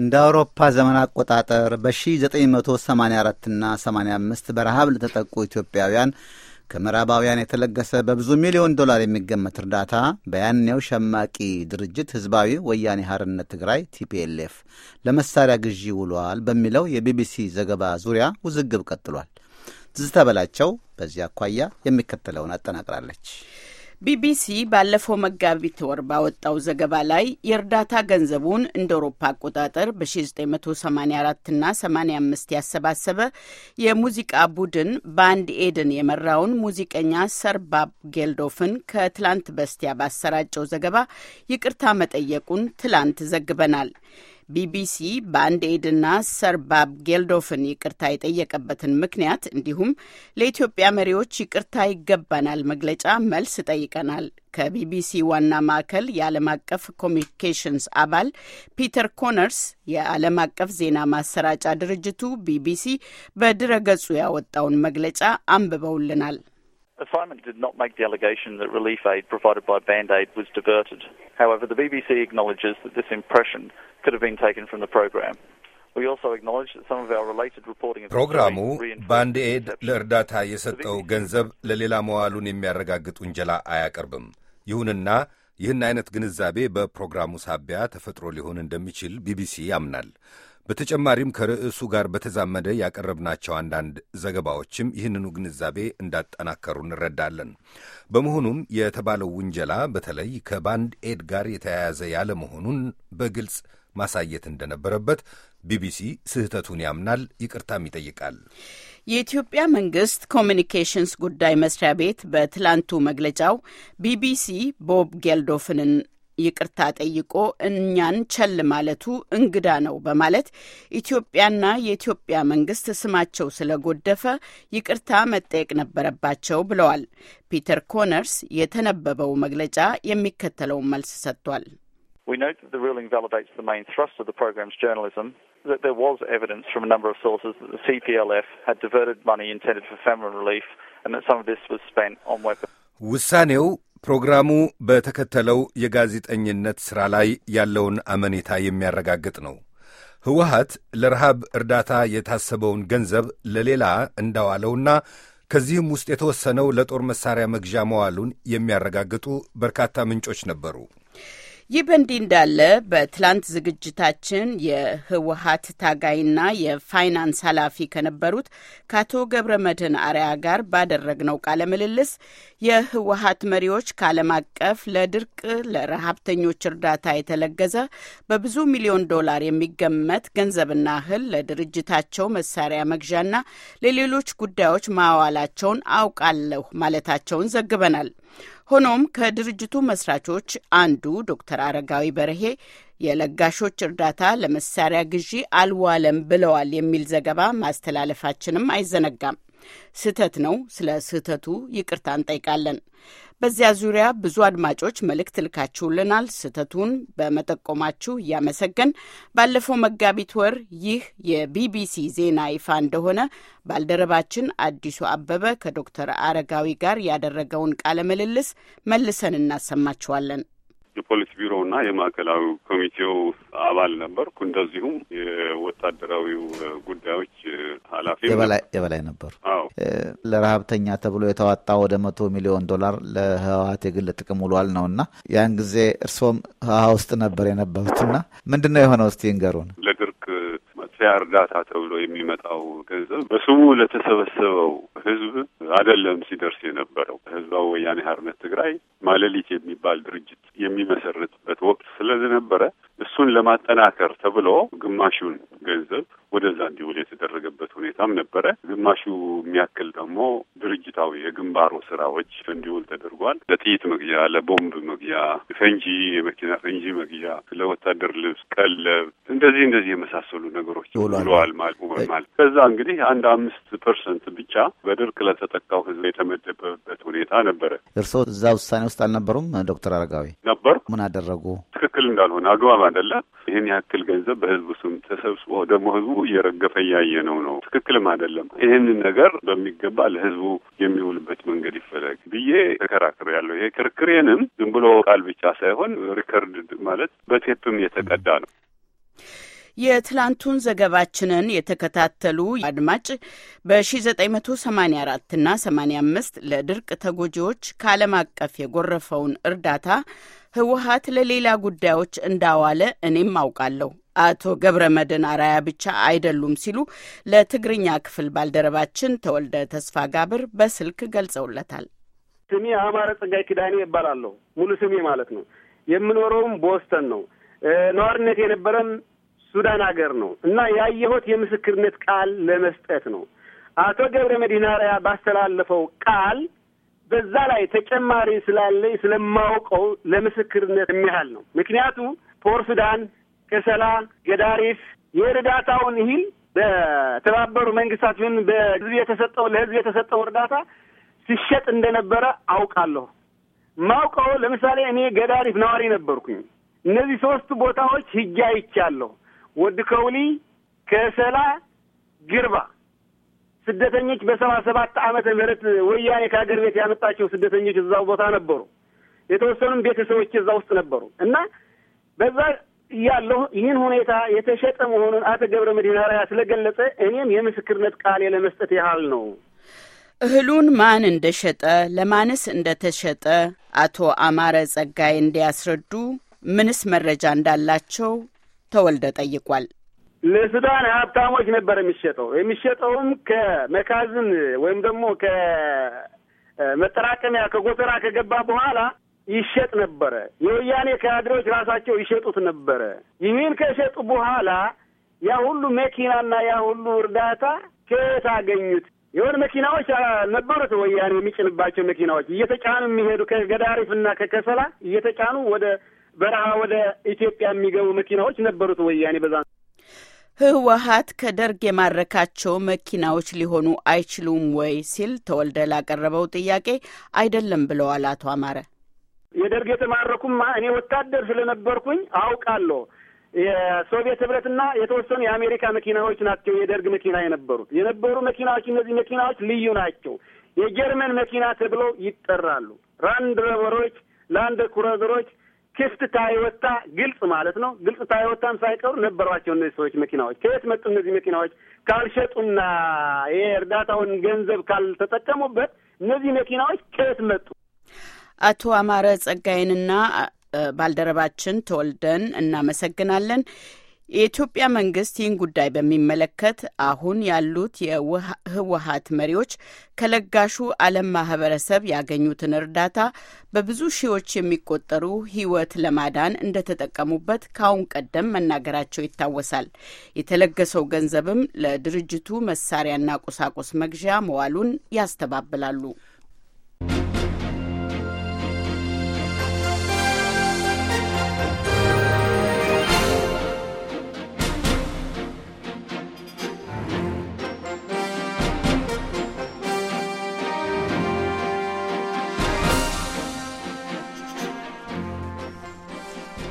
እንደ አውሮፓ ዘመን አቆጣጠር በ1984 እና 85 በረሃብ ለተጠቁ ኢትዮጵያውያን ከምዕራባውያን የተለገሰ በብዙ ሚሊዮን ዶላር የሚገመት እርዳታ በያኔው ሸማቂ ድርጅት ህዝባዊ ወያኔ ሐርነት ትግራይ ቲፒኤልኤፍ ለመሳሪያ ግዢ ውሏል በሚለው የቢቢሲ ዘገባ ዙሪያ ውዝግብ ቀጥሏል። ትዝታ በላቸው በዚህ አኳያ የሚከተለውን አጠናቅራለች። ቢቢሲ ባለፈው መጋቢት ወር ባወጣው ዘገባ ላይ የእርዳታ ገንዘቡን እንደ አውሮፓ አቆጣጠር በ1984 እና 85 ያሰባሰበ የሙዚቃ ቡድን ባንድ ኤድን የመራውን ሙዚቀኛ ሰር ባብ ጌልዶፍን ከትላንት በስቲያ ባሰራጨው ዘገባ ይቅርታ መጠየቁን ትላንት ዘግበናል። ቢቢሲ በአንድ ኤድና ሰር ጌልዶፍን ይቅርታ የጠየቀበትን ምክንያት እንዲሁም ለኢትዮጵያ መሪዎች ይቅርታ ይገባናል መግለጫ መልስ ጠይቀናል። ከቢቢሲ ዋና ማዕከል የዓለም አቀፍ ኮሚኒኬሽንስ አባል ፒተር ኮነርስ የዓለም አቀፍ ዜና ማሰራጫ ድርጅቱ ቢቢሲ በድረገጹ ያወጣውን መግለጫ አንብበውልናል። The fireman did not make the allegation that relief aid provided by Band Aid was diverted. However, the BBC acknowledges that this impression could have been taken from the program. ፕሮግራሙ ባንድ ኤድ ለእርዳታ የሰጠው ገንዘብ ለሌላ መዋሉን የሚያረጋግጥ ውንጀላ አያቀርብም። ይሁንና ይህን አይነት ግንዛቤ በፕሮግራሙ ሳቢያ ተፈጥሮ ሊሆን እንደሚችል ቢቢሲ ያምናል። በተጨማሪም ከርዕሱ ጋር በተዛመደ ያቀረብናቸው አንዳንድ ዘገባዎችም ይህንኑ ግንዛቤ እንዳጠናከሩ እንረዳለን። በመሆኑም የተባለው ውንጀላ በተለይ ከባንድ ኤድ ጋር የተያያዘ መሆኑን በግልጽ ማሳየት እንደነበረበት ቢቢሲ ስህተቱን ያምናል፣ ይቅርታም ይጠይቃል። የኢትዮጵያ መንግስት ኮሚኒኬሽንስ ጉዳይ መስሪያ ቤት በትላንቱ መግለጫው ቢቢሲ ቦብ ጌልዶፍንን ይቅርታ ጠይቆ እኛን ቸል ማለቱ እንግዳ ነው በማለት ኢትዮጵያና የኢትዮጵያ መንግስት ስማቸው ስለጎደፈ ይቅርታ መጠየቅ ነበረባቸው ብለዋል። ፒተር ኮነርስ የተነበበው መግለጫ የሚከተለውን መልስ ሰጥቷል። We note that the ruling validates the main thrust of the programme's journalism, that there was evidence from a number of sources that the CPLF had diverted money intended for famine relief and that some of this was spent on weapons. ውሳኔው ፕሮግራሙ በተከተለው የጋዜጠኝነት ሥራ ላይ ያለውን አመኔታ የሚያረጋግጥ ነው። ህወሀት ለረሃብ እርዳታ የታሰበውን ገንዘብ ለሌላ እንዳዋለውና ከዚህም ውስጥ የተወሰነው ለጦር መሳሪያ መግዣ መዋሉን የሚያረጋግጡ በርካታ ምንጮች ነበሩ። ይህ በእንዲህ እንዳለ በትላንት ዝግጅታችን የህወሀት ታጋይና የፋይናንስ ኃላፊ ከነበሩት ከአቶ ገብረ መድህን አርያ ጋር ባደረግነው ቃለ ምልልስ የህወሀት መሪዎች ከዓለም አቀፍ ለድርቅ ለረሀብተኞች እርዳታ የተለገዘ በብዙ ሚሊዮን ዶላር የሚገመት ገንዘብና እህል ለድርጅታቸው መሳሪያ መግዣና ለሌሎች ጉዳዮች ማዋላቸውን አውቃለሁ ማለታቸውን ዘግበናል። ሆኖም ከድርጅቱ መስራቾች አንዱ ዶክተር አረጋዊ በርሄ የለጋሾች እርዳታ ለመሳሪያ ግዢ አልዋለም ብለዋል የሚል ዘገባ ማስተላለፋችንም አይዘነጋም። ስህተት ነው። ስለ ስህተቱ ይቅርታ እንጠይቃለን። በዚያ ዙሪያ ብዙ አድማጮች መልእክት ልካችሁልናል። ስህተቱን በመጠቆማችሁ እያመሰገን ባለፈው መጋቢት ወር ይህ የቢቢሲ ዜና ይፋ እንደሆነ ባልደረባችን አዲሱ አበበ ከዶክተር አረጋዊ ጋር ያደረገውን ቃለ ምልልስ መልሰን እናሰማችኋለን። የፖሊስ ቢሮውና የማዕከላዊ ኮሚቴው አባል ነበርኩ። እንደዚሁም የወታደራዊው ጉዳዮች ኃላፊ የበላይ ነበሩ። አዎ ለረሀብተኛ ተብሎ የተዋጣ ወደ መቶ ሚሊዮን ዶላር ለህወሀት የግል ጥቅም ውሏል ነው እና ያን ጊዜ እርስዎም ህሀ ውስጥ ነበር የነበሩትና ምንድን ነው የሆነው? እስቲ ይንገሩን። ለድርቅ መጥፊያ እርዳታ ተብሎ የሚመጣው ገንዘብ በስሙ ለተሰበሰበው ህዝብ አይደለም ሲደርስ የነበረው ህዝባዊ ወያኔ ሀርነት ትግራይ ማለሊት የሚባል ድርጅት የሚመሰርትበት ወቅት ስለነበረ እሱን ለማጠናከር ተብሎ ግማሹን ገንዘብ ወደዛ እንዲውል የተደረገበት ሁኔታም ነበረ። ግማሹ የሚያክል ደግሞ መሰረታዊ የግንባሩ ስራዎች እንዲውል ተደርጓል። ለጥይት መግዣ፣ ለቦምብ መግዣ፣ ፈንጂ፣ የመኪና ፈንጂ መግዣ፣ ለወታደር ልብስ፣ ቀለብ፣ እንደዚህ እንደዚህ የመሳሰሉ ነገሮች ውለዋል ማለት ከዛ እንግዲህ አንድ አምስት ፐርሰንት ብቻ በድርቅ ለተጠቃው ህዝብ የተመደበበት ሁኔታ ነበረ። እርስዎ እዛ ውሳኔ ውስጥ አልነበሩም? ዶክተር አረጋዊ ነበሩ። ምን አደረጉ? ትክክል እንዳልሆነ አግባብ አይደለም ይህን ያክል ገንዘብ በህዝቡ ስም ተሰብስቦ ደግሞ ህዝቡ እየረገፈ እያየ ነው ነው ትክክልም አይደለም። ይህንን ነገር በሚገባ ለህዝቡ የሚውልበት መንገድ ይፈለግ ብዬ ተከራክር ያለው ይሄ ክርክሬንም ዝም ብሎ ቃል ብቻ ሳይሆን ሪከርድ ማለት በቴፕም የተቀዳ ነው። የትላንቱን ዘገባችንን የተከታተሉ አድማጭ በ1984 እና 85 ለድርቅ ተጎጂዎች ከዓለም አቀፍ የጎረፈውን እርዳታ ህወሀት ለሌላ ጉዳዮች እንዳዋለ እኔም አውቃለሁ። አቶ ገብረ መድን አራያ ብቻ አይደሉም ሲሉ ለትግርኛ ክፍል ባልደረባችን ተወልደ ተስፋ ጋብር በስልክ ገልጸውለታል። ስሜ አማረ ጸጋይ ኪዳኔ ይባላለሁ ሙሉ ስሜ ማለት ነው። የምኖረውም ቦስተን ነው። ነዋሪነት የነበረም ሱዳን ሀገር ነው እና ያየሁት የምስክርነት ቃል ለመስጠት ነው። አቶ ገብረ መዲናሪያ ባስተላለፈው ቃል በዛ ላይ ተጨማሪ ስላለ ስለማውቀው ለምስክርነት የሚያህል ነው። ምክንያቱ ፖር ሱዳን፣ ከሰላ፣ ገዳሪፍ የእርዳታውን ይህል በተባበሩ መንግስታት ይሁን በህዝብ የተሰጠው ለህዝብ የተሰጠው እርዳታ ሲሸጥ እንደነበረ አውቃለሁ። ማውቀው ለምሳሌ እኔ ገዳሪፍ ነዋሪ ነበርኩኝ። እነዚህ ሶስቱ ቦታዎች ሂጄ አይቻለሁ። ወድ ከውኒ ከሰላ ግርባ ስደተኞች በሰባ ሰባት ዓመተ ምህረት ወያኔ ከሀገር ቤት ያመጣቸው ስደተኞች እዛው ቦታ ነበሩ። የተወሰኑም ቤተሰቦች እዛ ውስጥ ነበሩ እና በዛ እያለሁ ይህን ሁኔታ የተሸጠ መሆኑን አቶ ገብረ መድህን ስለገለጸ እኔም የምስክርነት ቃሌ ለመስጠት ያህል ነው። እህሉን ማን እንደሸጠ ለማንስ እንደተሸጠ አቶ አማረ ጸጋይ እንዲያስረዱ ምንስ መረጃ እንዳላቸው ተወልደ ጠይቋል። ለሱዳን ሀብታሞች ነበር የሚሸጠው። የሚሸጠውም ከመካዝን ወይም ደግሞ ከመጠራቀሚያ ከጎተራ ከገባ በኋላ ይሸጥ ነበረ። የወያኔ ካድሬዎች ራሳቸው ይሸጡት ነበረ። ይህን ከሸጡ በኋላ ያ ሁሉ መኪናና ያ ሁሉ እርዳታ ከየት አገኙት? የሆነ መኪናዎች ነበሩት ወያኔ የሚጭንባቸው መኪናዎች እየተጫኑ የሚሄዱ ከገዳሪፍ እና ከከሰላ እየተጫኑ ወደ በረሃ ወደ ኢትዮጵያ የሚገቡ መኪናዎች ነበሩት ወያኔ በዛ ህወሀት ከደርግ የማረካቸው መኪናዎች ሊሆኑ አይችሉም ወይ ሲል ተወልደ ላቀረበው ጥያቄ አይደለም ብለዋል አቶ አማረ። የደርግ የተማረኩማ እኔ ወታደር ስለነበርኩኝ አውቃለሁ። የሶቪየት ህብረትና የተወሰኑ የአሜሪካ መኪናዎች ናቸው የደርግ መኪና የነበሩት የነበሩ መኪናዎች። እነዚህ መኪናዎች ልዩ ናቸው። የጀርመን መኪና ተብለው ይጠራሉ። ላንድ ሮቨሮች፣ ላንድ ኩረዘሮች ክፍት ታይወጣ ግልጽ ማለት ነው። ግልጽ የወጣም ሳይቀሩ ነበሯቸው እነዚህ ሰዎች መኪናዎች። ከየት መጡ እነዚህ መኪናዎች? ካልሸጡና የእርዳታውን ገንዘብ ካልተጠቀሙበት እነዚህ መኪናዎች ከየት መጡ? አቶ አማረ ጸጋይንና ባልደረባችን ተወልደን እናመሰግናለን። የኢትዮጵያ መንግስት ይህን ጉዳይ በሚመለከት አሁን ያሉት የህወሀት መሪዎች ከለጋሹ ዓለም ማህበረሰብ ያገኙትን እርዳታ በብዙ ሺዎች የሚቆጠሩ ህይወት ለማዳን እንደተጠቀሙበት ከአሁን ቀደም መናገራቸው ይታወሳል። የተለገሰው ገንዘብም ለድርጅቱ መሳሪያና ቁሳቁስ መግዣ መዋሉን ያስተባብላሉ።